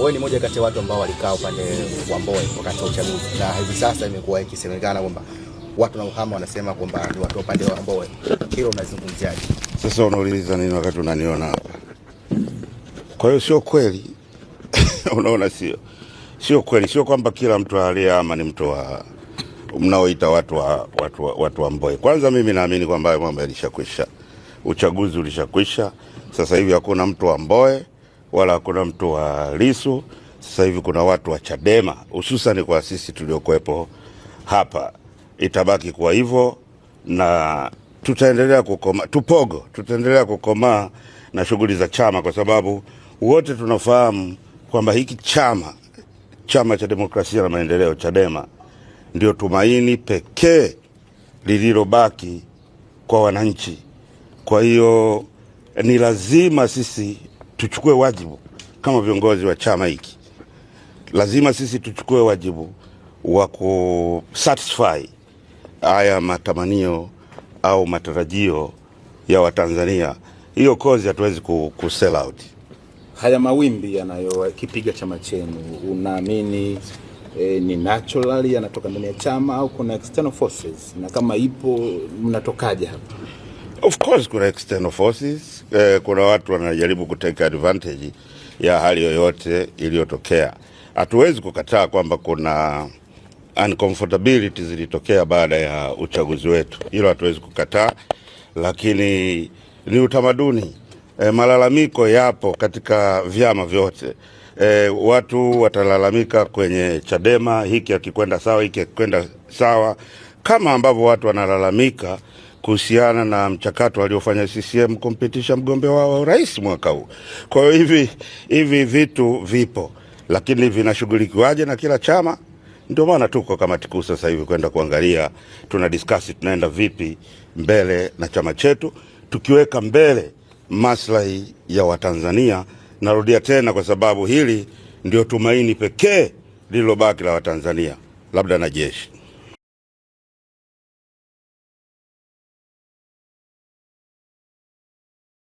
Wewe ni moja kati ya watu ambao walikaa upande wa mboe wakati wa uchaguzi, na hivi sasa imekuwa ikisemekana kwamba watu na uhama wanasema kwamba ni watu upande wa mboe Hilo unazungumziaje? Sasa unauliza nini wakati unaniona hapa? Kwa hiyo sio kweli unaona, sio sio kweli, sio kwamba kila mtu aliyehama ni mtu wa mnaoita watu wa, watu wa, watu wa Mboe. Kwanza mimi naamini kwamba mambo yalishakwisha, uchaguzi ulishakwisha. Sasa hivi hakuna mtu wa mboe wala hakuna mtu wa Lisu. Sasa hivi kuna watu wa Chadema, hususani kwa sisi tuliokuwepo hapa. Itabaki kuwa hivyo na tutaendelea kukoma, tupogo, tutaendelea kukomaa na shughuli za chama, kwa sababu wote tunafahamu kwamba hiki chama, chama cha demokrasia na maendeleo, Chadema, ndio tumaini pekee lililobaki kwa wananchi. Kwa hiyo ni lazima sisi tuchukue wajibu kama viongozi wa chama hiki, lazima sisi tuchukue wajibu wa satisfy haya matamanio au matarajio ya Watanzania. Hiyo kozi hatuwezi ku, ku sell out. Haya mawimbi yanayokipiga chama chenu, unaamini e, ni natural yanatoka ndani ya chama au kuna external forces, na kama ipo mnatokaje hapa? Of course kuna external forces eh, kuna watu wanajaribu kuteka advantage ya hali yoyote iliyotokea. Hatuwezi kukataa kwamba kuna uncomfortability zilitokea baada ya uchaguzi wetu, hilo hatuwezi kukataa, lakini ni utamaduni eh, malalamiko yapo katika vyama vyote. E, watu watalalamika kwenye Chadema, hiki akikwenda sawa, hiki akikwenda sawa, kama ambavyo watu wanalalamika kuhusiana na mchakato aliofanya CCM kumpitisha mgombea wao wa urais mwaka huu. Kwa hiyo hivi hivi vitu vipo, lakini vinashughulikiwaje na kila chama? Ndio maana tuko kamati kuu sasa hivi kwenda kuangalia tuna discuss tunaenda vipi mbele na chama chetu, tukiweka mbele maslahi ya Watanzania. Narudia tena, kwa sababu hili ndio tumaini pekee lililobaki la Watanzania, labda na jeshi